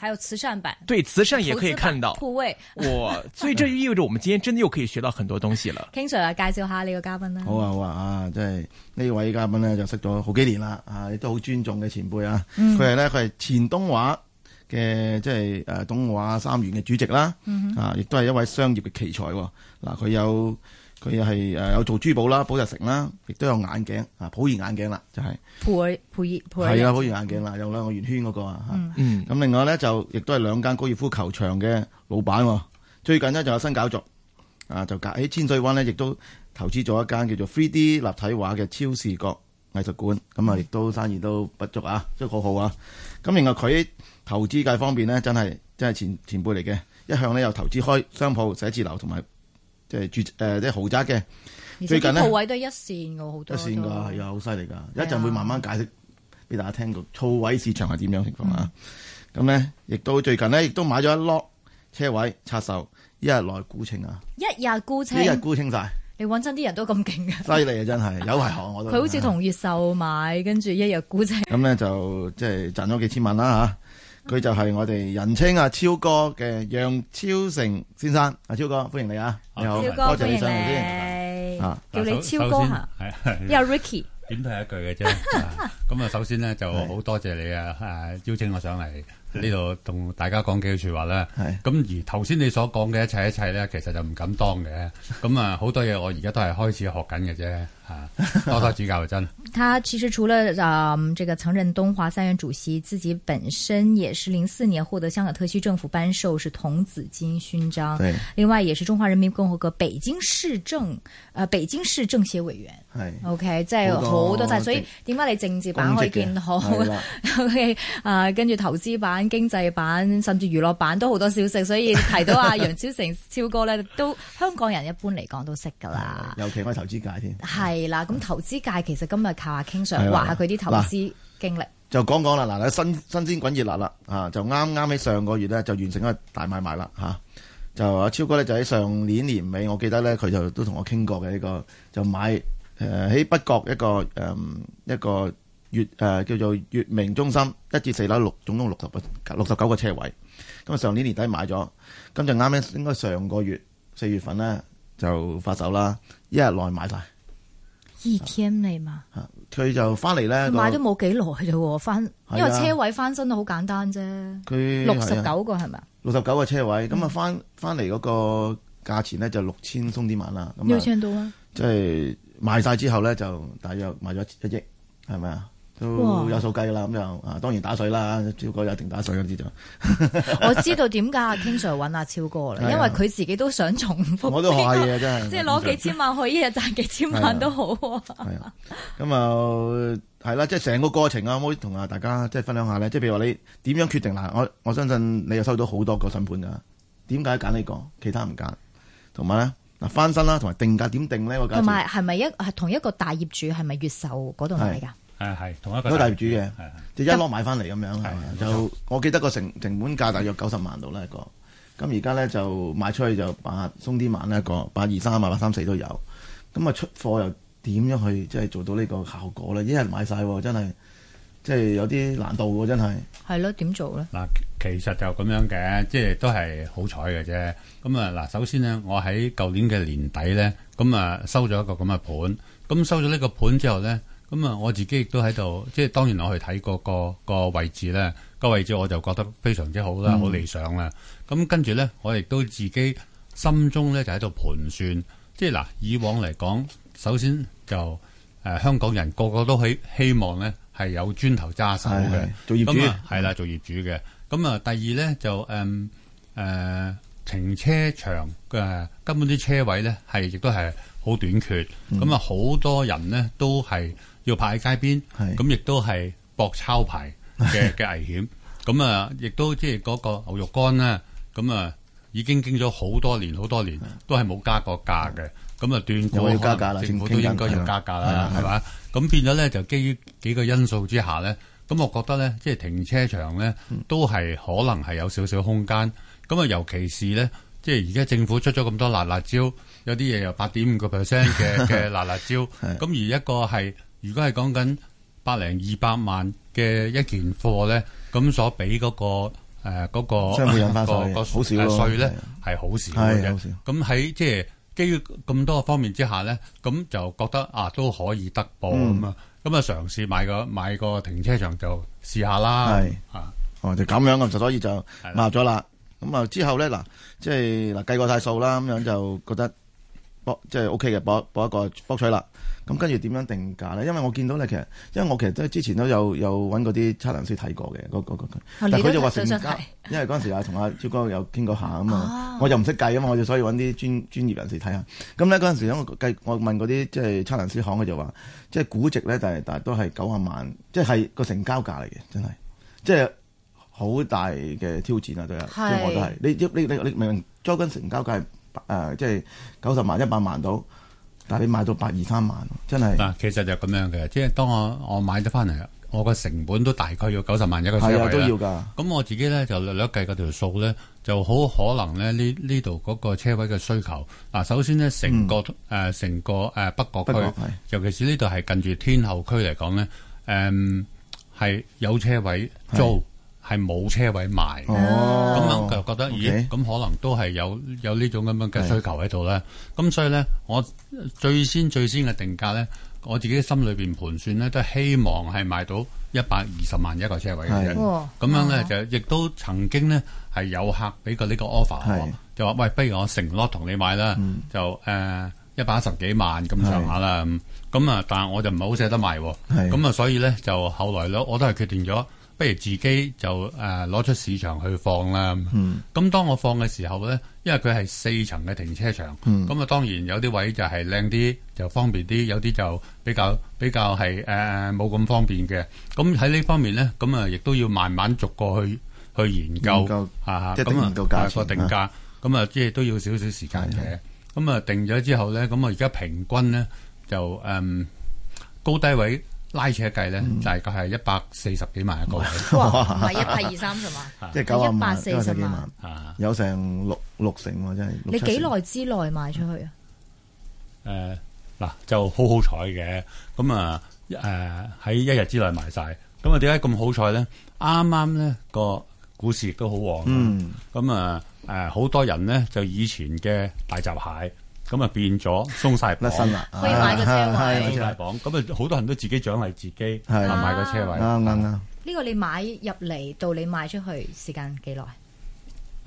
還有慈善版，對慈善也可以看到，鋪位哇！所以這就意味着我們今天真的又可以學到很多東西了。King Sir 啊，介紹下呢個嘉賓啦。好啊，好啊！即係呢位嘉賓咧就識咗好幾年啦，啊亦都好尊重嘅前輩啊。佢係咧佢係前東華嘅即係誒、啊、東華三院嘅主席啦，嗯、哼啊亦都係一位商業嘅奇才、哦。嗱、啊，佢有。佢係係有做珠寶啦、寶石城啦，亦都有眼鏡啊，普爾眼鏡啦，就係普爾普爾。係啊，普爾眼鏡啦，嗯、有兩個圓圈嗰、那個啊。嗯嗯。咁、嗯、另外咧就亦都係兩間高爾夫球場嘅老闆喎、哦，最近呢，就有新搞作啊，就隔喺千水灣呢，亦都投資咗一間叫做 3D 立體畫嘅超視覺藝術館，咁啊，亦都生意都不足啊，係好好啊。咁另外，佢投資界方面呢，真係真係前前輩嚟嘅，一向呢，有投資開商鋪、寫字樓同埋。即係住誒，即、呃、係豪宅嘅。最近呢舖位都係一線喎，好多一線㗎，係啊，好犀利㗎。一陣的會慢慢解釋俾大家聽到舖位市場係點樣情況、嗯、啊。咁咧，亦都最近咧，亦都買咗一 lock 車位，拆售一日內沽清啊！一日沽清，一日沽清晒。你搵親啲人都咁勁㗎！犀利啊，真係有系行 我都。佢好似同越秀買，跟住一日沽清。咁咧 就即係賺咗幾千萬啦，嚇佢就係我哋人稱阿、啊、超哥嘅楊超成先生。阿超哥歡迎你啊，你好，超哥你上嚟先，歡迎你啊，叫你超哥嚇，又 Ricky，點都係一句嘅啫。咁啊，首先咧就好多謝你啊，誒邀請我上嚟呢度同大家講幾句說話啦。咁 而頭先你所講嘅一切一切咧，其實就唔敢當嘅。咁啊，好多嘢我而家都係開始學緊嘅啫。啊，多多指教就真。他其實除了嗯、呃，這個曾任東華三院主席，自己本身也是零四年獲得香港特區政府頒授是銅紫荊勳章，對，另外也是中華人民共和國北京市政，呃，北京市政協委員。係是，OK，即係好多，但係多所以點解你政治版可以見好，OK，啊，跟住投資版、經濟版，甚至娛樂版都好多消息，所以提到阿楊超成 超哥咧，都香港人一般嚟講都識噶啦，尤其係投資界添，係啦。咁投資界其實今日靠下傾上話下佢啲投資經歷，就講講啦。嗱，新新鮮滾熱辣啦啊，就啱啱喺上個月咧就完成一個大買賣啦嚇，就阿超哥咧就喺上年年尾，我記得咧佢就都同我傾過嘅呢、這個就買。誒，喺、呃、北角一個誒、嗯、一個月誒、呃、叫做月明中心一至四樓六總共六十個六十九個車位，咁、嗯、啊上年年底買咗，咁就啱啱應該上個月四月份咧就發售啦，一日內買晒。二天內、啊、嘛？佢就翻嚟咧，買咗冇幾耐啫，翻、啊、因為車位翻新都好簡單啫。佢六十九個係咪六十九個車位，咁啊翻翻嚟嗰個價錢咧就六千鬆啲萬啦。有千多啊？即係。就是賣晒之後咧，就大約賣咗一億，係咪啊？都有數計啦，咁就啊，當然打水啦，超哥一定打水嗰啲 我知道點解阿 King Sir 揾阿超哥啦，啊、因為佢自己都想重複、這個。我都學下嘢真係。即係攞幾千萬去一日賺幾千萬都好啊！咁啊，係啦、 啊，即係成個過程啊，可唔可以同啊大家即係分享下咧？即、就、係、是、譬如話你點樣決定嗱？我我相信你又收到好多個新盤噶，點解揀呢個？其他唔揀，同埋咧。嗱，翻新啦，同埋定價點定呢？我同埋係咪一同一個大業主係咪越秀嗰度買㗎？係係同一個大業主嘅，即一攞買翻嚟咁樣。係就的我記得個成成本價大約九十萬度啦一個，咁而家咧就賣出去就八鬆啲萬啦一個，八二三啊八三四都有。咁啊出貨又點樣去即係做到呢個效果咧？一日買晒喎，真係～真即係有啲難度喎，真係。係咯，點做咧？嗱，其實就咁樣嘅，即係都係好彩嘅啫。咁啊，嗱，首先咧，我喺舊年嘅年底咧，咁啊收咗一個咁嘅盤。咁收咗呢個盤之後咧，咁啊我自己亦都喺度，即係當然我去睇個個位置咧，個位置我就覺得非常之好啦，好理想啦。咁、嗯、跟住咧，我亦都自己心中咧就喺度盤算，即係嗱，以往嚟講，首先就誒香港人個個都希希望咧。係有磚頭揸手嘅，做業主係啦，做業主嘅。咁啊，第二咧就誒誒，停、嗯呃、車場嘅根本啲車位咧，係亦都係好短缺。咁啊、嗯，好多人咧都係要泊喺街邊，咁亦都係搏抄牌嘅嘅是的 危險。咁啊，亦都即係嗰個牛肉乾咧，咁啊已經經咗好多年，好多年都係冇加過價嘅。咁啊，斷估，全部天都應該要加價啦，係嘛？咁變咗咧，就基於幾個因素之下咧，咁我覺得咧，即係停車場咧，都係可能係有少少空間。咁啊，尤其是咧，即係而家政府出咗咁多辣辣椒，有啲嘢又八點五個 percent 嘅嘅辣辣椒。咁 的而一個係，如果係講緊百零二百萬嘅一件貨咧，咁所俾嗰、嗰個誒嗰、呃嗰個、嗰個、嗰個好少稅咧，係好、啊、的少嘅。咁喺即係。基於咁多個方面之下咧，咁就覺得啊都可以得報咁啊，咁啊、嗯、嘗試買個，買個停車場就試下啦就係，啊，就咁樣就所以就買咗啦。咁啊之後咧嗱，即係嗱計過曬數啦，咁樣就覺得。即係 OK 嘅，博一個博取啦。咁跟住點樣定價咧？因為我見到咧，其實因為我其實都之前都有有揾嗰啲測量師睇過嘅嗰個，但佢就話成交，因為嗰陣時啊同阿超哥有傾過下啊嘛，啊、我又唔識計啊嘛，我就所以搵啲專專業人士睇下。咁咧嗰陣時我我問嗰啲即係測量師行佢就話，即係估值咧，但係但都係九啊萬，即係個成交價嚟嘅，真係，即係好大嘅挑戰啊！對呀，是即我都係你你你你明租金成交價？誒，即係九十萬一百萬到，但係你買到八二三萬，真係。嗱、啊，其實就咁樣嘅，即係當我我買咗翻嚟我個成本都大概要九十萬一個車位啦。係、嗯、啊，都要噶。咁我自己咧就略略計嗰條數咧，就好可能咧呢呢度嗰個車位嘅需求。嗱，首先咧成個誒成、嗯呃、個誒、呃、北角區，尤其是呢度係近住天后區嚟講咧，誒、呃、係有車位租。是係冇車位賣，咁啊、哦、就覺得，哦 okay、咦，咁可能都係有有呢種咁樣嘅需求喺度咧。咁的所以咧，我最先最先嘅定價咧，我自己心裏面盤算咧，都係希望係賣到一百二十萬一個車位嘅啫。咁的樣咧、哦、就亦都曾經咧係有客俾過呢個 offer，就話喂，不如我承諾同你買啦，嗯、就誒一百十幾萬咁上下啦。咁啊的，但係我就唔係好捨得賣，咁啊的，所以咧就後來咯，我都係決定咗。不如自己就誒攞、呃、出市場去放啦。咁、嗯，當我放嘅時候咧，因為佢係四層嘅停車場，咁啊、嗯、當然有啲位置就係靚啲，就方便啲；有啲就比較比較係誒冇咁方便嘅。咁喺呢方面咧，咁啊亦都要慢慢逐過去去研究嚇嚇，究下下即係研究價個定價。咁啊，即係都要少少時間嘅。咁啊、嗯哼，定咗之後咧，咁啊而家平均咧就誒、嗯、高低位。拉扯計咧，大概係一百四十幾萬一個，唔係一百二三十萬，即係九一百四十幾萬，有成六六成喎，真係。你幾耐之內賣出去啊？誒、嗯、嗱、呃、就好好彩嘅，咁啊、誒、呃、喺一日之內賣晒，咁啊，點解咁好彩咧？啱啱咧，個股市亦都好旺，咁啊、嗯、誒、嗯、好、呃、多人咧就以前嘅大閘蟹。咁啊變咗鬆曬，甩身啦，可以買個車位，車房。咁啊好多人都自己獎勵自己，買是是 個車位。啱啱啱，呢、啊啊、 個你買入嚟到你賣出去時間幾耐？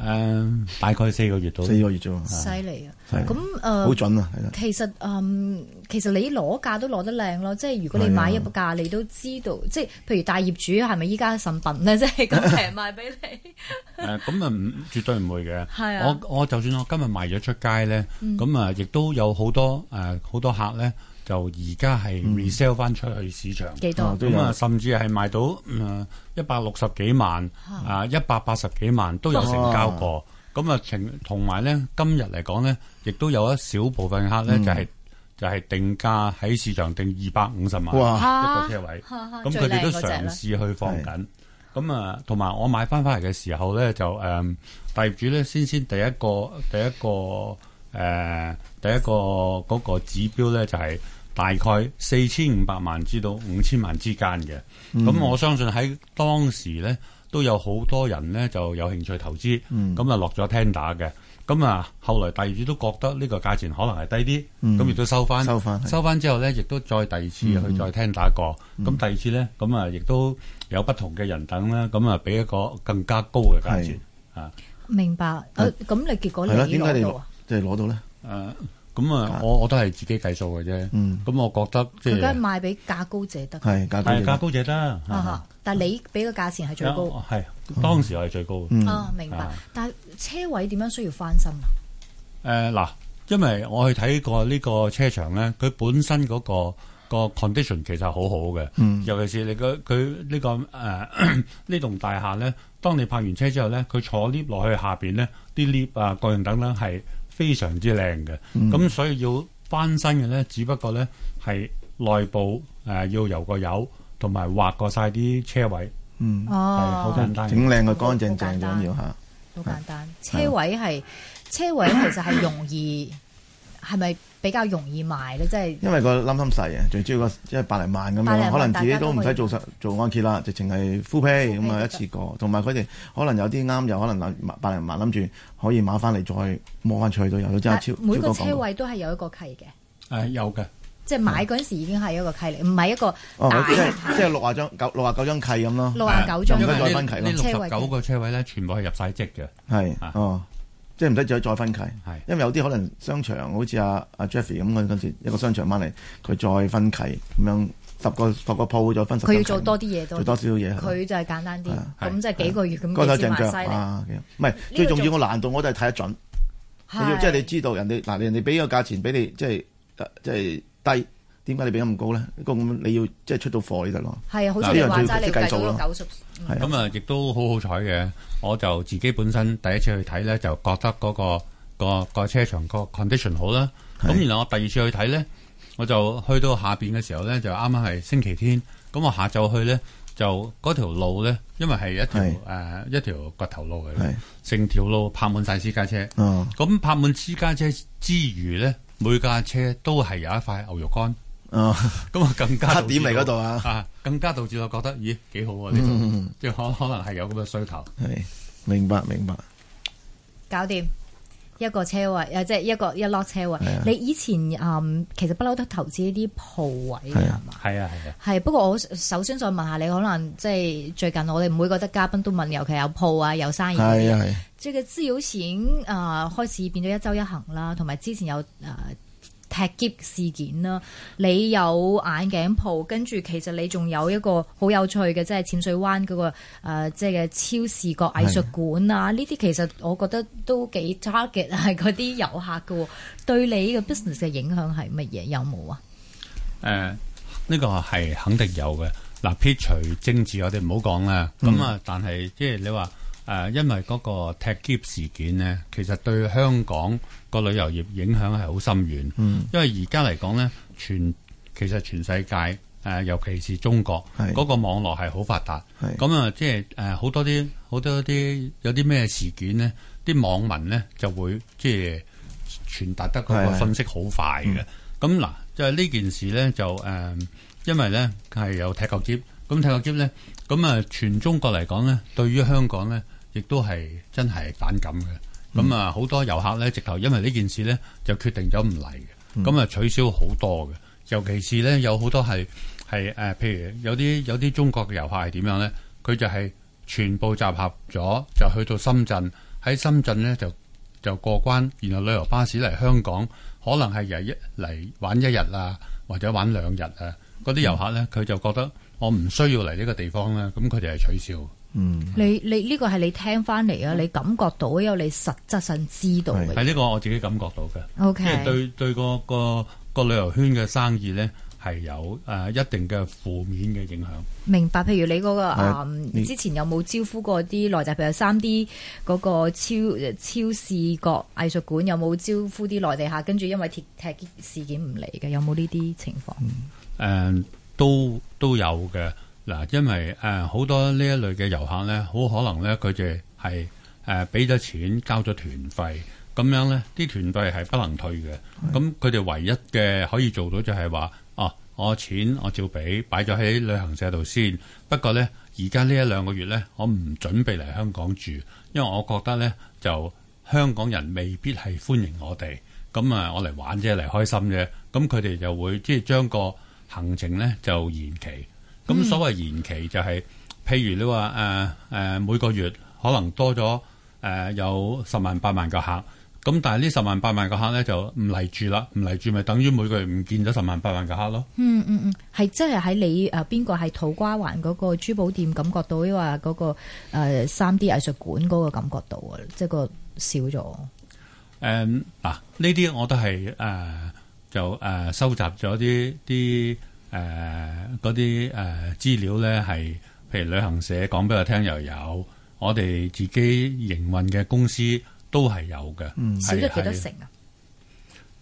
誒、呃，大概四個月到，四個月啫喎，犀利啊！咁誒、啊，好是、呃、準啊，係啦、呃。其實其實你攞價都攞得靚咯，即係如果你買一個價，是的 你都知道，即係譬如大業主係咪依家神品咧，即係咁平賣俾你？誒 、呃，咁啊，絕對唔會嘅。係啊是的，我我就算我今日賣咗出街咧，咁啊、嗯，亦都有好多誒，好多客咧。就而家係 resell 翻出去市場，幾、嗯、多咁少啊、嗯嗯？甚至係賣到嗯一百六十幾萬，啊一百八十幾萬都有成交過。咁啊，同埋咧，今日嚟講咧，亦都有一少部分客咧、嗯就係，就係就係定價喺市場定二百五十萬一個車位。咁佢哋都嘗試去放緊。咁啊，同埋、啊、我買翻翻嚟嘅時候咧，就、嗯、大業主咧先先第一個第一個。誒、呃、第一個嗰個指標咧，就係、是、大概四千五百萬至到五千萬之間嘅。咁、嗯、我相信喺當時咧，都有好多人咧就有興趣投資。咁啊落咗聽打嘅。咁啊後來第二次都覺得呢個價錢可能係低啲。咁亦都收翻，收翻。收翻之後咧，亦都再第二次去再聽打過。咁、嗯、第二次咧，咁啊亦都有不同嘅人等啦。咁啊俾一個更加高嘅價錢。是啊，明白。咁、啊啊、你結果係點解你？即係攞到咧，誒，咁啊，我我都係自己計數嘅啫。咁我覺得即係而家賣俾價高者得，係價高者得。但係你俾嘅價錢係最高，係當時係最高嘅。明白。但係車位點樣需要翻新啊？誒，嗱，因為我去睇過呢個車場咧，佢本身嗰個個 condition 其實好好嘅。尤其是你嘅佢呢個誒呢棟大廈咧，當你泊完車之後咧，佢坐 lift 落去下面咧，啲 lift 啊，各樣等等係。非常之靚嘅，咁、嗯、所以要翻新嘅咧，只不過咧係內部、呃、要油過油，同埋劃過晒啲車位。嗯，哦，好、嗯、好簡單，整靚個乾淨淨緊要嚇。好簡單，啊、車位係、啊、車位其實係容易係咪？ 是比較容易賣咧，即係因為個冧心細啊，最主要個即係百零萬咁樣，可能自己都唔使做實做按揭啦，直情係 full pay 咁啊，一次過。同埋佢哋可能有啲啱，有可能百零萬諗住可以買翻嚟再摸翻出去都有。真係超，每個車位都係有一個契嘅，誒有嘅，即係買嗰陣時已經係一個契嚟，唔係一個即係六啊張九六啊九張契咁咯，六啊九張再分契咯。車位九個車位咧，全部係入晒積嘅，係哦。即係唔使再再分契，因為有啲可能商場好似阿阿 Jeffy 咁跟嗰時一個商場返嚟，佢再分契咁樣，十個個個鋪再分，佢要做多啲嘢，做多少嘢，佢就係簡單啲，咁、啊啊、即係幾個月咁。乾乾淨淨，唔係最重要個難度，我都係睇得準。係要即係你知道人哋嗱，人哋俾個價錢俾你，即係即係低。點解你俾咁高咧？高咁你要即係出到貨先得咯。係啊，好似話齋你，你計數咯。九十，咁、嗯、啊，亦都好好彩嘅。我就自己本身第一次去睇咧，就覺得嗰、個、個、個車場、個 condition 好啦。咁然後我第二次去睇咧，我就去到下邊嘅時候咧，就啱啱係星期天。咁我下晝去咧，就嗰條路咧，因為係一條誒是、呃、一條骨頭路嘅，成條是路泊滿晒私家車咁泊、嗯、滿私家車之餘咧，每架車都係有一塊牛肉乾。哦，咁啊更加七點嚟嗰度啊，啊更加導致我、啊、覺得，咦幾好啊呢度，嗯、即可可能係有咁嘅需求。係，明白明白。搞掂一個車位，啊即係一個一落車位。啊、你以前嗯其實不嬲都投資一啲鋪位係啊係啊。係吧、啊啊、不過我首先再問下你，可能即係最近我哋唔會覺得嘉賓都問，尤其有鋪啊有生意嗰啲。係啊係。即係個資料片啊、呃、開始變咗一周一行啦，同埋之前有啊。呃踢劫事件啦，你有眼鏡鋪，跟住其實你仲有一個好有趣嘅，即係淺水灣嗰、那個、呃、即係嘅超視覺藝術館啊！呢啲的其實我覺得都幾 target 係嗰啲遊客嘅，對你嘅 business 嘅影響係乜嘢？有冇啊？誒、呃，呢、這個係肯定有嘅。嗱、呃，撇除政治我哋唔好講啦，咁啊、嗯，但係即係你話誒，因為嗰個踢劫事件呢，其實對香港，個旅遊業影響係好深遠，嗯、因為而家嚟講咧，全其實全世界誒，尤其是中國嗰是個網絡係好發達，咁啊是、呃，即係誒好多啲好多啲有啲咩事件咧，啲網民咧就會即係傳達得佢個分析好快嘅。咁嗱，就係呢件事咧就誒，因為咧係有踢球劫，咁踢球劫咧，咁啊全中國嚟講咧，對於香港咧，亦都係真係反感嘅。咁啊，好、嗯、多遊客呢，直頭因為呢件事呢，就決定咗唔嚟嘅。咁啊、嗯，取消好多嘅，尤其是呢，有好多係係誒，譬如有啲有啲中國嘅遊客係點樣呢？佢就係全部集合咗，就去到深圳，喺深圳呢，就就過關，然後旅遊巴士嚟香港，可能係日一嚟玩一日啊，或者玩兩日啊。嗰啲遊客呢，佢就覺得我唔需要嚟呢個地方啦，咁佢哋係取消。嗯，你你呢個係你聽翻嚟啊？嗯、你感覺到，有你實質上知道嘅？係呢個我自己感覺到嘅。O K，即係對對，嗰個嗰個嗰個旅遊圈嘅生意咧，係有誒一定嘅負面嘅影響。嗯、明白。譬如你嗰個誒，嗯嗯、之前有冇招呼過啲內地，譬如三 D 嗰個超超視覺藝術館，有冇招呼啲內地客？跟住因為鐵踢，踢事件唔嚟嘅，有冇呢啲情況？誒、嗯嗯，都都有嘅。嗱，因為誒好、呃、多呢一類嘅遊客呢，好可能呢，佢哋係誒俾咗錢交咗團費，咁樣呢，啲團費係不能退嘅。咁佢哋唯一嘅可以做到就係話：哦、啊，我錢我照俾，擺咗喺旅行社度先。不過呢，而家呢一兩個月呢，我唔準備嚟香港住，因為我覺得呢，就香港人未必係歡迎我哋。咁啊，我嚟玩啫，嚟開心啫。咁佢哋就會即係將個行程呢就延期。咁、嗯、所謂延期就係、是，譬如你話誒誒每個月可能多咗誒、呃、有十萬八萬個客，咁但係呢十萬八萬個客咧就唔嚟住啦，唔嚟住咪等於每個月唔見咗十萬八萬個客咯、嗯。嗯嗯嗯，係真係喺你誒邊個喺土瓜灣嗰個珠寶店感覺到，又話嗰個三、呃、D 藝術館嗰個感覺到少了、嗯、啊，即係個少咗。誒嗱，呢啲我都係誒、呃、就誒、呃、收集咗啲啲。誒，嗰啲誒資料咧係，譬如旅行社講俾我聽又有，我哋自己營運嘅公司都係有嘅。嗯、是少咗幾多成啊？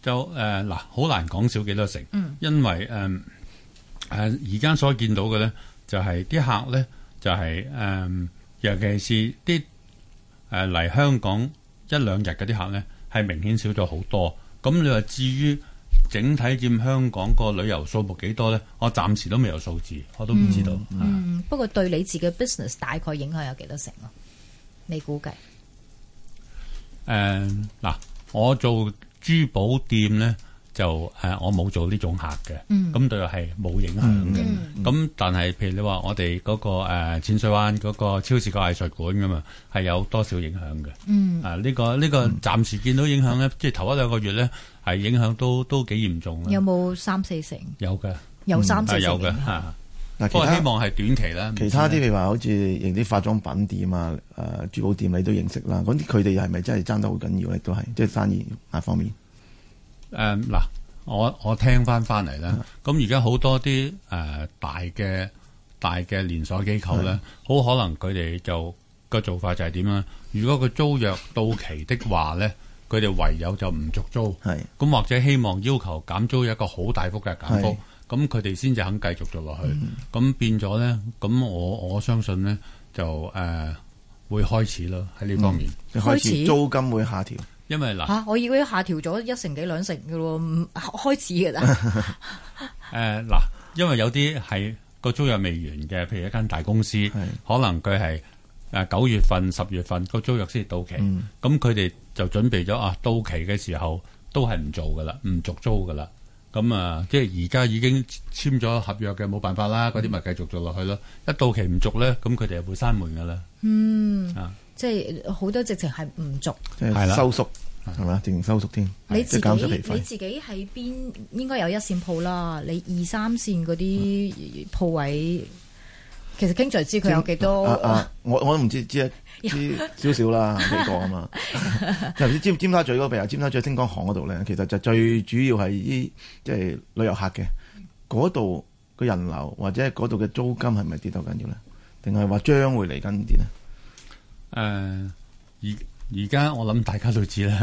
就誒嗱，好、呃、難講少幾多成，嗯、因為誒誒而家所見到嘅咧，就係、是、啲客咧就係、是、誒、呃，尤其是啲誒嚟香港一兩日嗰啲客咧，係明顯少咗好多。咁你話至於？整體佔香港個旅遊數目幾多咧？我暫時都未有數字，我都唔知道。嗯，是。嗯，不過對你自己 business 大概影響有幾多成啊？你估計？誒，嗱，我做珠寶店咧。就誒、啊，我冇做呢種客嘅，咁、嗯、對我係冇影響嘅。咁、嗯嗯、但係，譬如你話我哋嗰、那個誒、呃、淺水灣嗰個超市個藝術館咁嘛，係有多少影響嘅？嗯，啊呢、這個呢、這個暫時見到影響咧，嗯、即係頭一兩個月咧，係、啊、影響都都幾嚴重有冇三四成？有㗎？有三四成。有嘅的嗱，不過希望係短期啦。其他啲，譬的如話好似認啲化妝品店啊、住、呃、珠店，你都認識啦。咁啲佢哋係咪真係爭得好緊要咧？都係即係生意那方面。誒嗱、嗯，我我聽翻翻嚟啦。咁而家好多啲誒、呃、大嘅大嘅連鎖機構咧，好是的 可能佢哋就個做法就係點啊？如果佢租約到期的話咧，佢哋唯有就唔續租，咁是的 或者希望要求減租一個好大幅嘅減幅，咁佢哋先至肯繼續做落去。咁是的 變咗咧，咁我我相信咧就誒、呃、會開始咯，喺呢方面開始租金會下調。因為嗱，吓、啊，我已經下調咗一成幾兩成噶咯，開始噶啦。誒，嗱，因為有啲係個租約未完嘅，譬如一間大公司，是的可能佢係誒九月份、十月份個租約先到期，咁佢哋就準備咗啊到期嘅時候都係唔做噶啦，唔續租噶啦。咁、嗯、啊，即係而家已經簽咗合約嘅，冇辦法啦，嗰啲咪繼續做落去咯。一到期唔續咧，咁佢哋又會閂門噶啦。嗯。啊。.即係好多直情係唔足，即係收縮，係咪啊？直情收縮添。你自己你自己喺邊應該有一線鋪啦，你二三線嗰啲鋪位，其實經常知佢有幾多。我我都唔知知知少少啦，幾個啊嘛。知尖沙咀嗰邊啊，尖沙咀星光行嗰度咧，其實就最主要係啲，即係旅遊客嘅嗰度個人流或者嗰度嘅租金係咪跌到緊要咧？定係話將會嚟緊唔掂呢？誒，而而家我諗大家都知啦。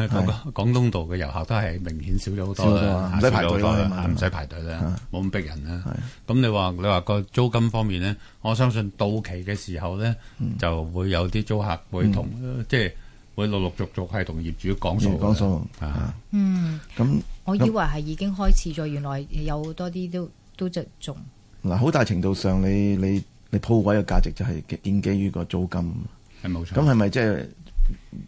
廣東道嘅遊客都係明顯少咗好多啦，唔使排隊啦，唔使排隊啦，冇咁逼人啦。咁你話你話個租金方面咧，我相信到期嘅時候咧，就會有啲租客會同即係會陸陸續續係同業主講數講數啊，嗯，咁我以為係已經開始咗，原來有多啲都都集中嗱。好大程度上，你你你鋪位嘅價值就係建基於個租金。係冇錯，咁係咪即係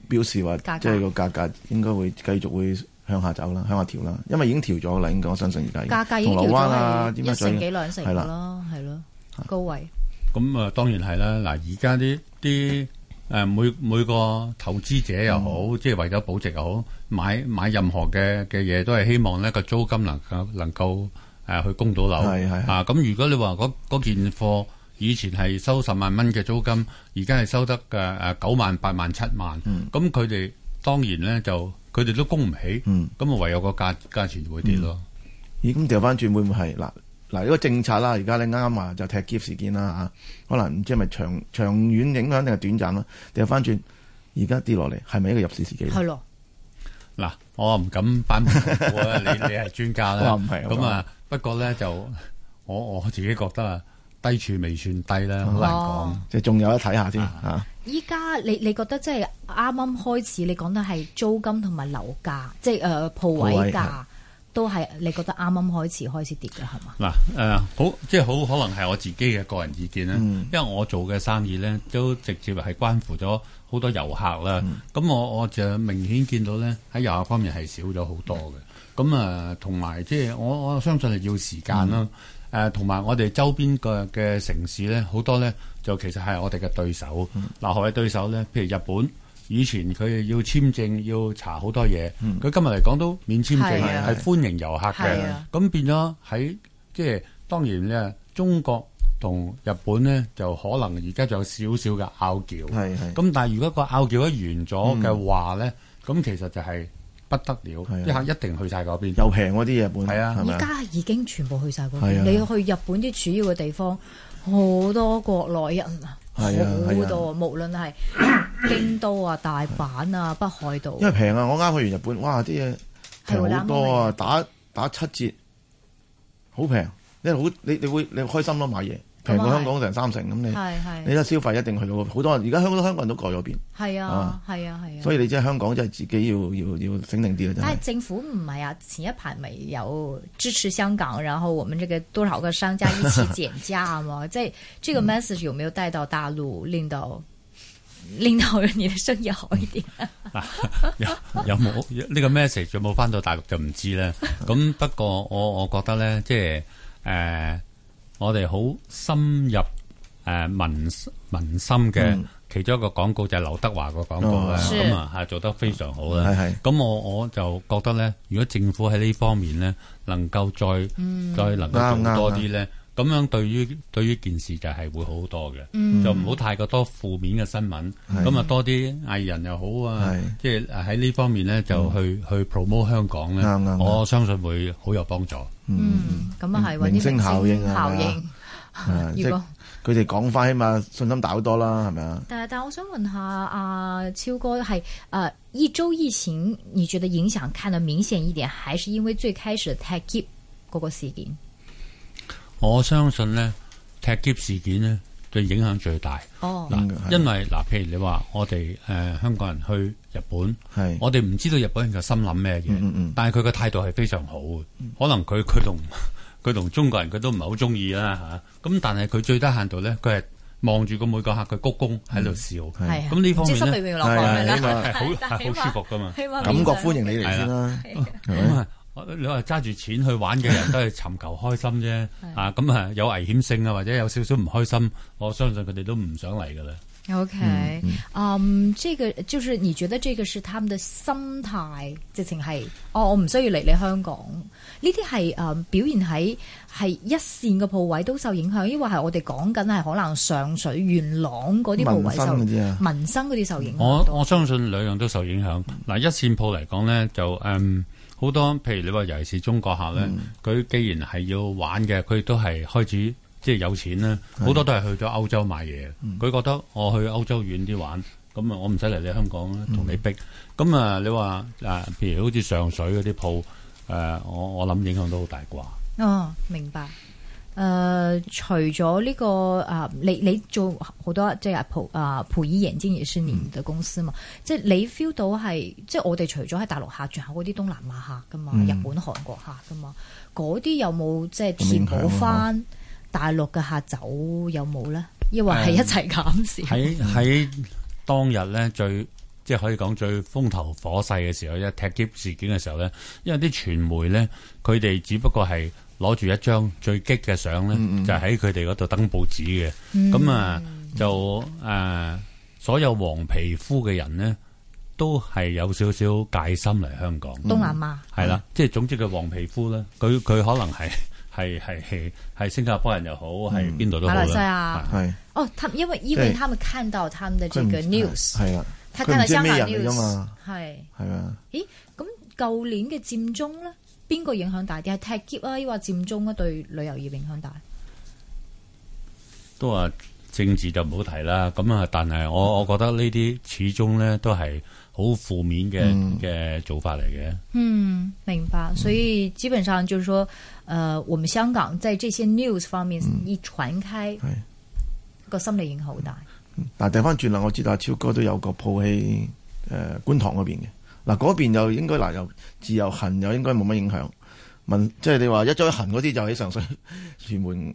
表示話，即係個價格應該會繼續會向下走啦，向下調啦，因為已經調咗啦，應該我相信而家銅鑼灣係一成幾兩成嘅咯，係咯高位。咁啊，當然係啦。嗱，而家啲啲誒，每每個投資者又好，即係為咗保值又好，買買任何嘅嘅嘢都係希望呢個租金能夠能夠誒去供到樓。係係啊，咁如果你話嗰件貨。以前係收十萬蚊嘅租金，而家係收得嘅誒九萬八萬七萬，咁佢哋當然咧就佢哋都供唔起，咁啊、嗯、唯有個價價錢會跌咯。咦、嗯，咁掉翻轉會唔會係嗱嗱呢個政策啦？而家你啱啱話就踢劫事件啦吓、啊，可能唔知係咪長長遠影響定係短暫啦，掉翻轉而家跌落嚟係咪一個入市時機呢？係咯的。嗱，我唔敢班 你，你係專家啦，咁啊，不過咧就我我自己覺得啊。低處未算低啦，好難講，即係仲、哦、有得睇下先嚇。依家、啊、你你覺得即係啱啱開始，你講得係租金同埋樓價，即係誒鋪位價都係你覺得啱啱開始開始跌嘅係嘛？嗱誒好即係好可能係我自己嘅個人意見啦。因為我做嘅生意咧，都直接係關乎咗好多遊客啦。咁、嗯、我我就明顯見到咧，喺遊客方面係少咗好多嘅。咁啊、嗯，同埋即係我我相信係要時間啦。嗯誒同埋我哋周邊嘅嘅城市咧，好多咧就其實係我哋嘅對手。嗱何謂對手咧？譬如日本，以前佢要簽證要查好多嘢，佢、嗯、今日嚟講都免簽證，係、嗯啊、歡迎遊客嘅。咁、啊、變咗喺即係當然咧，中國同日本咧就可能而家就有少少嘅拗撬。係咁是但係如果個拗撬一完咗嘅話咧，咁、嗯、其實就係、是。不得了，啊、一刻一定去晒嗰邊，又平嗰啲嘢。日本係啊，而家已經全部去晒嗰邊。啊、你要去日本啲主要嘅地方，好多國內人啊，好多、啊、無論係京都啊、大阪啊、啊北海道，因為平啊，我啱去完日本，哇！啲嘢平好多啊，打打七折，好平，你好你你會你，會你會開心咯、啊、買嘢。香港成三成咁是你，你而家消費一定去到好多人，而家香港都香港人都過咗邊，係啊，係吧啊，係啊。所以你即係香港，即係自己要要要醒定啲。但係政府唔係啊，前一排咪有支持香港，然後我們這個多少個商家一起減價嘛？即係呢個 message 有冇有帶到大陸，令到令到你嘅生意好一點？ 有冇呢、這個 message 有冇翻到大陸就唔知啦。咁 不過我我覺得咧，即係誒。呃我哋好深入誒、呃、民民心嘅其中一個廣告就係劉德華個廣告啦，咁啊、哦、係做得非常好啦。咁我我就覺得咧，如果政府喺呢方面咧能夠再、嗯、再能夠更多啲咧。嗯嗯嗯嗯。咁樣對於對於件事就係會好多嘅，就唔好太過多負面嘅新聞。咁啊多啲藝人又好啊，即係喺呢方面咧就去去 promote 香港咧。我相信會好有幫助。嗯，咁啊係揾啲明星效應啊。如果佢哋講翻，起碼信心大好多啦，係咪啊？但係，但係我想問下阿超哥，係誒一週以前你覺得影響看得明顯一點，還是因為最開始太 keep 嗰個事件？我相信咧踢劫事件咧，對影響最大。哦，嗱，因為嗱，譬如你話我哋誒香港人去日本，我哋唔知道日本人嘅心諗咩嘢，但係佢嘅態度係非常好嘅。可能佢佢同佢同中國人佢都唔係好中意啦吓，咁但係佢最低限度咧，佢係望住個每個客佢鞠躬喺度笑。咁呢方面咧，係係好好舒服㗎嘛。感覺歡迎你嚟先啦。你話揸住錢去玩嘅人都係尋求開心啫， 啊咁啊有危險性啊，或者有少少唔開心，我相信佢哋都唔想嚟㗎喇。O Okay . K，、um, 嗯，這個就是你覺得這個是他們的心態，直情係，哦，我唔需要嚟你香港，呢啲係誒表現喺係一線嘅鋪位都受影響，抑或係我哋講緊係可能上水元朗嗰啲鋪位受民生嗰啲受影響。我我相信兩樣都受影響。嗱、嗯，一線鋪嚟講呢，就誒好多，譬如你話尤其是中國客呢，佢、嗯、既然係要玩嘅，佢都係開始。即係有錢啦，好多都係去咗歐洲買嘢。佢的、嗯、覺得我去歐洲遠啲玩，咁啊我唔使嚟你香港同你逼。咁啊、嗯、你話啊，譬如好似上水嗰啲鋪，誒、啊、我我諗影響都好大啩。哦，明白。誒、呃，除咗呢、這個啊，你你做好多即係普啊，溥儀眼鏡也是你的公司嘛、嗯。即係你 feel 到係，即係我哋除咗喺大陸客，仲有嗰啲東南亞客㗎嘛，嗯、日本、韓國客㗎嘛，嗰啲有冇即係填補翻？大陸嘅客走有冇咧？亦或係一齊減少？喺喺、嗯、當日咧，最即係可以講最風頭火勢嘅時候一踢機事件嘅時候咧，因為啲傳媒咧，佢哋只不過係攞住一張最激嘅相咧，嗯嗯就喺佢哋嗰度登報紙嘅。咁、嗯嗯、啊，就誒、啊、所有黃皮膚嘅人咧，都係有少少戒心嚟香港的。東南亞係啦，即係、嗯、總之佢黃皮膚咧，佢佢可能係。係係係，係新加坡人又好，係邊度都好。馬來西亞係是是哦，他因為因為他們看到他們的這個 news，係啦，睇下香港 news，佢唔、欸、知咩人噶嘛，係係啊。咦，咁舊年嘅佔中咧，邊個影響大啲？係踢劫啊，抑或佔中啊？對旅遊業影響大？都話政治就唔好提啦。咁啊，但係我我覺得呢啲始終咧都係。好負面嘅嘅、嗯、做法嚟嘅，嗯，明白，所以基本上就是說，誒、嗯呃，我們香港在這些 news 方面一傳開，係、嗯、個心理影響好大。嗯嗯、但調翻轉啦，我知道阿超哥都有個鋪喺誒觀塘嗰邊嘅，嗱嗰邊又應該嗱又自由行又應該冇乜影響，問即係你話一再行嗰啲就喺上水屯門誒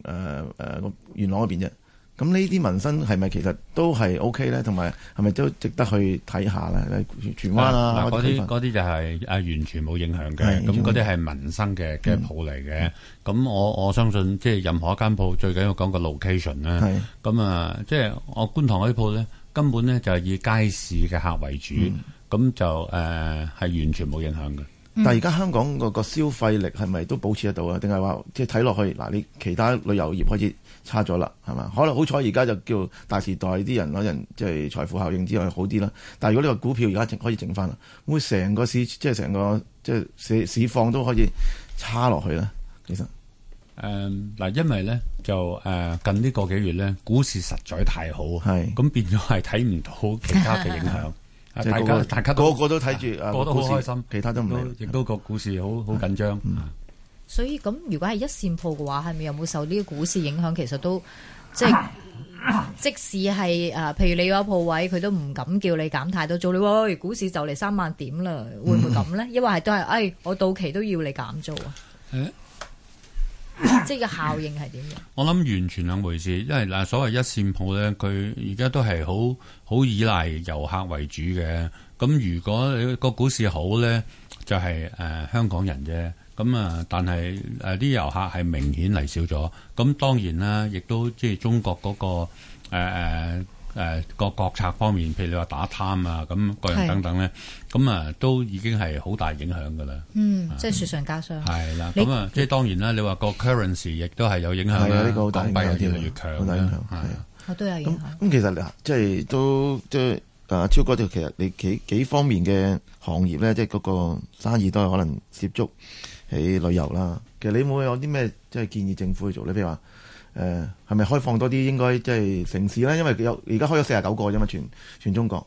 誒個元朗嗰邊啫。咁呢啲民生係咪其實都係 OK 咧？同埋係咪都值得去睇下咧？荃灣啊嗰啲嗰啲就係完全冇影響嘅。咁嗰啲係民生嘅嘅鋪嚟嘅。咁、嗯、我我相信即係任何一間鋪最緊要講個 location 啦的。咁啊，即、就、係、是、我觀塘嗰啲鋪咧，根本咧就係以街市嘅客為主。咁、嗯、就誒係、呃、完全冇影響嘅。但係而家香港個消費力係咪都保持得到啊？定係話即係睇落去嗱，你其他旅遊業開始差咗啦，係嘛？可能好彩而家就叫大時代啲人攞人即係財富效應之外好啲啦。但係如果呢個股票而家整可以整翻啦，會成個市即係成個即係市市況都可以差落去咧。其實誒嗱，因為咧就誒、呃、近呢個幾月咧，股市實在太好，係咁是變咗係睇唔到其他嘅影響。 大家，大家，個，個個都睇住，個個都好開心。其他都唔理，亦都個股市好好、啊、緊張。嗯、所以咁，如果係一線鋪嘅話，係咪有冇受呢啲股市影響？其實都即係，即使係誒、啊，譬如你有一鋪位，佢都唔敢叫你減太多租。你話，股市就嚟三萬點啦，會唔會咁咧？因為係都係，誒、哎，我到期都要你減租啊。 即係個效應係點樣？我諗完全兩回事，因為嗱，所謂一線鋪咧，佢而家都係好好依賴遊客為主嘅。咁如果你個股市好咧，就係、是、誒、呃、香港人啫。咁啊，但係誒啲遊客係明顯嚟少咗。咁當然啦，亦都即係、就是、中國嗰、那個誒、呃呃誒個、呃、國策方面，譬如你話打貪啊，咁個人等等咧，咁是啊都已經係好大影響噶啦。嗯，是即係雪上加霜。係啦的，咁你啊，即係當然啦、啊。你話個 currency 亦都係有影響啦、啊，呢個、響港幣又越嚟越強啦，係啊，啊的我都有影響。咁其實嗱，即係都即係誒，超哥就其實你幾幾方面嘅行業咧，即係嗰個生意都係可能接觸喺旅遊啦。其實你會有啲咩即係建議政府去做你譬如話。誒係咪開放多啲？應該即係、就是、城市咧，因為有現在了而家開咗四十九個啫嘛。全全中國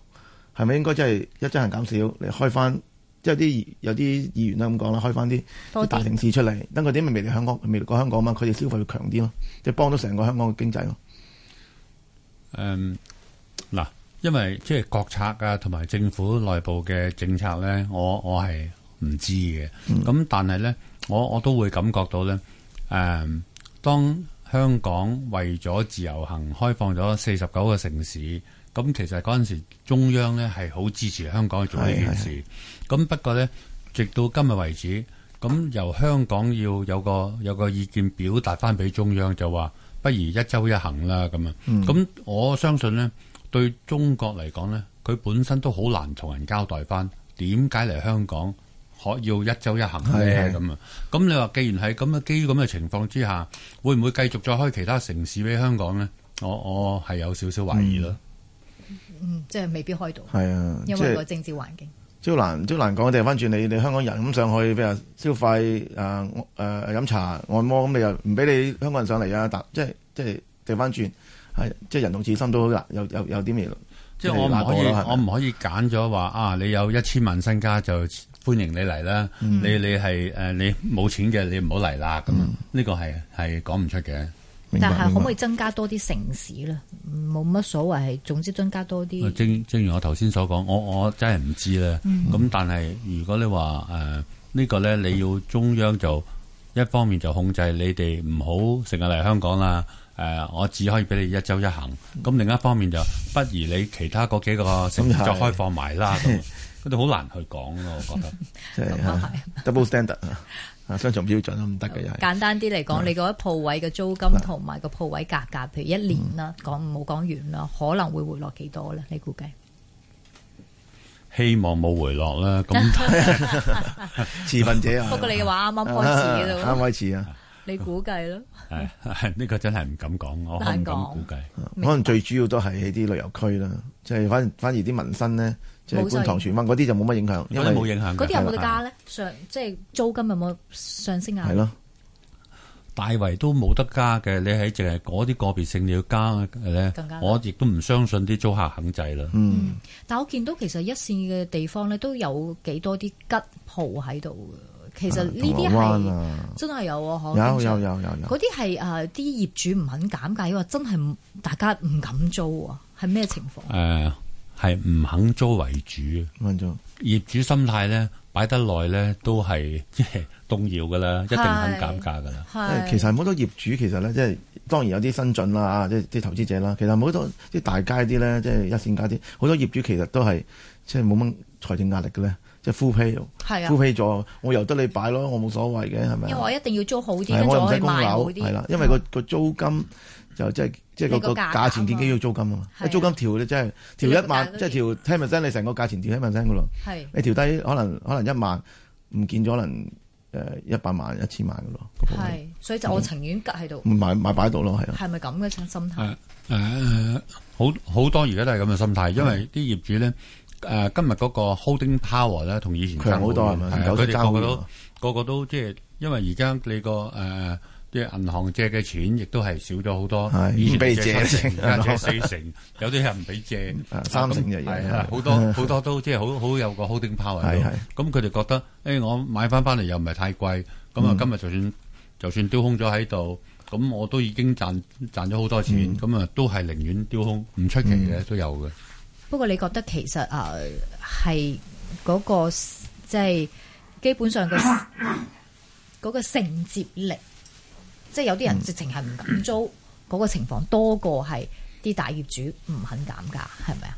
係咪應該即係一層層減少？你開翻即係啲有啲議員咧咁講啦，開翻啲大城市出嚟，謝因為啲未嚟香港未嚟過香港嘛，佢哋消費會強啲咯，即、就、係、是、幫到成個香港嘅經濟咯。誒嗱、嗯，因為即係國策啊，同埋政府內部嘅政策咧，我我係唔知嘅。咁但係咧，我、嗯、呢我,我都會感覺到咧誒、嗯，當。香港為咗自由行開放咗四十九個城市，咁其實嗰陣時中央呢係好支持香港做呢件事。咁不過呢，直到今日為止，咁由香港要有個有個意見表達翻俾中央，就話不如一周一行啦咁啊。咁、嗯、我相信呢，對中國嚟講呢，佢本身都好難同人交代翻點解嚟香港。可要一周一行咁啊！咁、就是、的你話既然係咁啊，基於咁嘅情況之下，會唔會繼續再開其他城市俾香港咧？我我係有少少懷疑咯、嗯。嗯，即係未必開到。係啊的，因為個政治環境。超難，超難講掉翻轉，你你香港人咁上去，比如說消費誒誒飲茶按摩，咁你又唔俾你香港人上嚟啊？即係即係掉翻轉，係即係人同自身都難，有有有啲咩？即係我唔可以，道我唔可以揀咗話啊！你有一千萬身家就。歡迎你嚟啦，嗯！你你係誒，你冇錢嘅，你唔好嚟啦。咁呢個係係講唔出嘅。但係可唔可以增加多啲城市咧？冇乜所謂，係總之增加多啲。正正如我頭先所講，我我真係唔知啦咁，嗯、但係如果你話誒、呃這個，呢個咧，你要中央就一方面就控制你哋唔好成日嚟香港啦。誒、呃，我只可以俾你一周一行。咁另一方面就不如你其他嗰幾個城市再開放埋啦。嗯樣佢哋好難去講咯，我覺得咁啊係 double standard 啊，雙重標準都唔得嘅。簡單啲嚟講，你覺得鋪位嘅租金同埋個鋪位價格，譬如一年啦，講唔好講完啦，可能會回落幾多咧？你估計？希望冇回落啦，咁持份者。不過你嘅話啱啱開始嘅啱開始啊，你估計咯？呢個真係唔敢講，我唔敢估計。可能最主要都係喺啲旅遊區啦，即係反反而啲民生咧。冇係觀塘荃灣嗰啲就冇乜影響，因為冇影響。嗰啲有冇得加咧？上即係、就是、租金有冇上升啊？係咯的，大圍都冇得加嘅。你喺淨係嗰啲個別性，你要加咧。更加我亦都唔相信啲租客肯制啦。嗯，嗯，但我見到其實一線嘅地方咧，都有幾多啲吉鋪喺度。其實呢啲係真係有啊，有有有有。嗰啲係誒，啲、啊、業主唔肯減價，因為真係大家唔敢租啊，係咩情況？誒、呃。係唔肯租為主，業主心態咧擺得耐咧都係即係動搖噶啦，是一定肯減價噶啦。其實好多業主其實咧，即係當然有啲新進啦，即係啲投資者啦。其實好多啲大街啲咧，即係一線街啲，好多業主其實都係即係冇乜財政壓力嘅咧，即係 full pay，full pay 咗我由得你擺咯，我冇所謂嘅，係咪？因為我一定要租好啲，我唔使供樓買好啲，係啦、啊，因為、那個個、啊、租金。就即係即係個價價錢點解要租金啊嘛！啊，租金調你、啊、即係調一萬，即係調 ten percent，你成個價錢調 ten percent 噶咯？是你調低可能可能一萬唔見咗，可能一百萬一千、呃、萬噶咯。係，所以就我情願格喺度，買買擺喺度咯，係係係咪咁嘅心態態？啊呃、好好多而家都係咁嘅心態，因為啲業主咧誒、呃，今日嗰個 holding power 咧，同以前強好多是是啊咪？佢哋個個都個、啊、個都即係、就是，因為而家你個誒。呃即係銀行借嘅錢，亦都係少咗好多。以前借三成，而家借四成，有啲人唔俾借，三成嘅。有好多好多都即係好好有個 holding power。咁佢哋覺得誒，我買翻翻嚟又唔係太貴，咁啊，今日就算就算丟空咗喺度，咁我都已經賺賺咗好多錢，咁啊，都係寧願丟空，唔出奇嘅都有嘅。不過你覺得其實誒係嗰個即係基本上嘅嗰個承接力？即係有啲人直情係唔敢租嗰、嗯、個情況多過係啲大業主唔肯減價，係咪啊？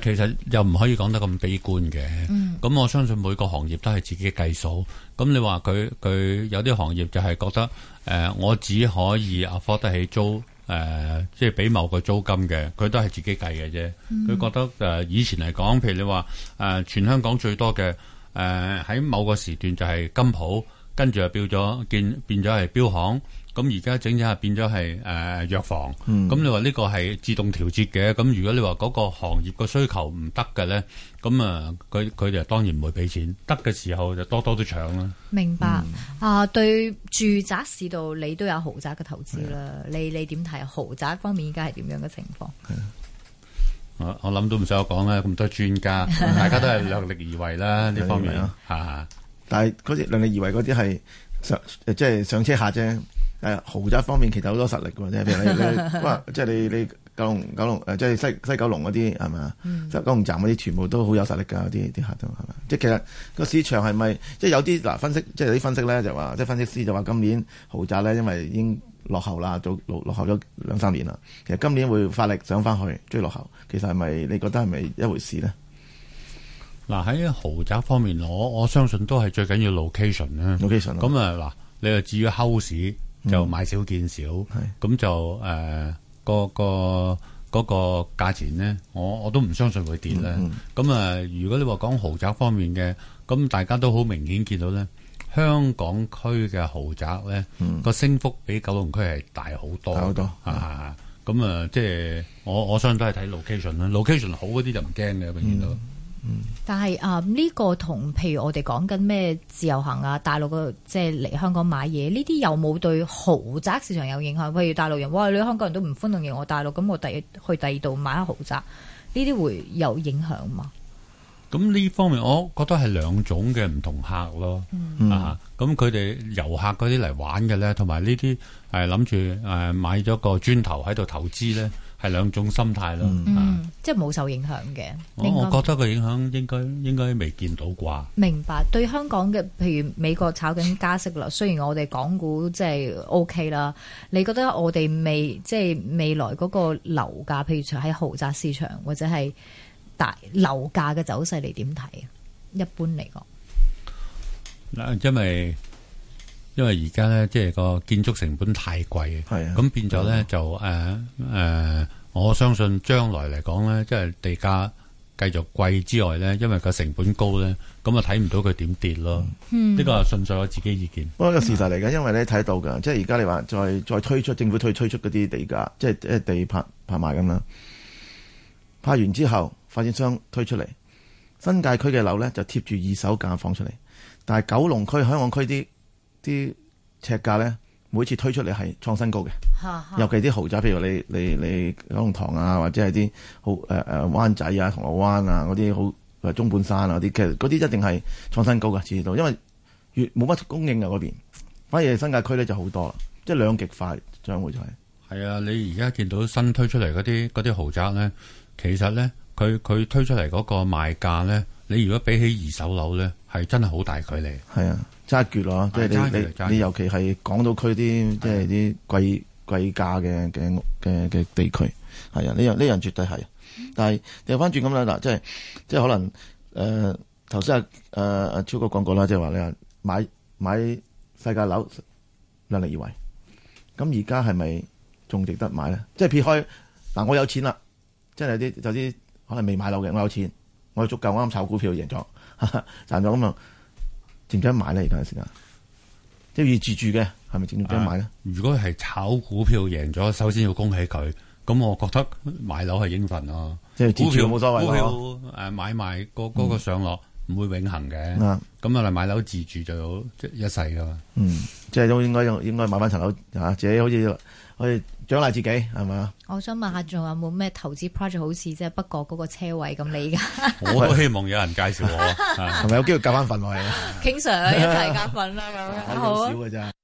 誒，其實又唔可以講得咁悲觀嘅。咁、嗯、我相信每個行業都係自己計數。咁你話佢佢有啲行業就係覺得誒、呃，我只可以 afford 得起租誒、呃，即係俾某個租金嘅，佢都係自己計嘅啫。佢、嗯、覺得誒，以前嚟講，譬如你話誒、呃，全香港最多嘅誒，喺、呃、某個時段就係金舖。跟住又標咗，變咗係標行，咁而家整整下變咗係誒藥房，咁、嗯嗯、你話呢個係自動調節嘅。咁如果你話嗰個行業個需求唔得嘅咧，咁啊佢佢哋當然唔會俾錢，得嘅時候就多多都搶啦。明白、嗯、啊？對住宅市道，你都有豪宅嘅投資啦的，你你點睇豪宅方面依家係點樣嘅情況？的我諗都唔使我講啦，咁多專家， 大家都係量力而為啦，呢 方面的但係嗰啲量你以為嗰啲係上，即係上車客啫。誒豪宅方面其實好多實力嘅，即係譬如你即係你你，你，你九龍九龍誒，即係西西九龍嗰啲係咪啊？嗯，西九龍站嗰啲全部都好有實力㗎，啲啲客都係咪？即係其實個市場係咪即係有啲嗱、啊、分析，即係有啲分析咧就話，即係分析師就話今年豪宅咧因為已經落後啦，做落落後咗兩三年啦。其實今年會發力上翻去追落後，其實係咪你覺得係咪一回事咧？嗱，喺豪宅方面，我我相信都係最緊要 location location 咁啊，嗱，你又至於後市就買少見少，咁、嗯、就誒、呃嗰個、嗰個嗰、嗰個價錢咧，我我都唔相信會跌啦咁啊，如果你話講豪宅方面嘅，咁大家都好明顯見到咧，香港區嘅豪宅咧，個、嗯、升幅比九龍區係大好多、多，好多咁啊，即係我我相信都係睇 location 啦，location 好嗰啲就唔驚嘅，永遠都。嗯嗯、但係啊，呢、嗯這個同譬如我哋講緊咩自由行啊，大陸嘅即係嚟香港買嘢，呢啲又冇對豪宅市場有影響。譬如大陸人，哇，你香港人都唔歡迎我大陸，咁我第二去第二度買下豪宅，呢啲會有影響嘛？咁呢方面，我覺得係兩種嘅唔同客咯、嗯嗯啊。啊，咁佢哋遊客嗰啲嚟玩嘅咧，同埋呢啲係諗住誒買咗個磚頭喺度投資咧。係兩種心態咯，吓、嗯是嗯，即係冇受影響嘅。我該我覺得個影響應該應該未見到啩。明白，對香港嘅譬如美國炒緊加息率，雖然我哋港股真係 OK 啦。你覺得我哋未即係未來嗰個樓價，譬如喺豪宅市場或者係大樓價嘅走勢，你點睇？一般嚟講，嗱，因為。因為而家咧，即係個建築成本太貴，咁、啊、變咗咧、啊、就誒誒、呃，我相信將來嚟講咧，即係地價繼續貴之外咧，因為個成本高咧，咁啊睇唔到佢點跌咯。呢個係純粹我自己意見。不過個、嗯、事實嚟㗎，因為咧睇到噶，嗯、即係而家你話再再推出政府推推出嗰啲地價，即係即係地拍拍賣咁啦，拍完之後發展商推出嚟新界區嘅樓咧就貼住二手價放出嚟，但係九龍區、香港區啲。啲尺價咧，每次推出嚟係創新高嘅，尤其啲豪宅，譬如你你你九龍塘啊，或者係啲好誒誒灣仔啊、銅鑼灣啊嗰啲好誒中半山啊嗰啲，其實嗰啲一定係創新高嘅，次次都，因為越冇乜供應啊嗰邊，反而新界區咧就好多，即係兩極化，將會就係。係啊，你而家見到新推出嚟嗰啲啲豪宅咧，其實咧佢佢推出嚟嗰個賣價咧，你如果比起二手樓咧，係真係好大距離。係啊。真係絕咯，即係你你你尤其係港到區啲，即係啲貴貴價嘅地區，係啊，呢人呢人絕對係。但係掉、嗯、返轉咁啦，嗱，即係即係可能誒頭先阿誒阿超哥講過啦，即係話你話買買買世界樓量力而為。咁而家係咪仲值得買呢？即係撇開嗱，我有錢啦，即係有啲有啲可能未買樓嘅，我有錢，我有足夠，我啱啱炒股票贏咗賺咗咁啊！唔想買咧而家時間，即係要自住嘅，係咪？唔想買咧？如果係炒股票贏咗，首先要恭喜佢。咁我覺得買樓係應份咯，啊。即係股票冇所謂咯。誒、啊，買賣嗰、嗰個嗰個上落唔會永恒嘅。咁啊嚟買樓自住就有即一世噶嘛。嗯，即係都應該應該買翻層樓自己好似好似。可以獎勵自己係咪啊？是是我想問下，仲有冇咩投資 project 好似即係北角嗰個車位咁你噶， 我好希望有人介紹我，係咪 有機會夾翻份落嚟啊？經常一齊夾份啦，咁樣好少嘅咋。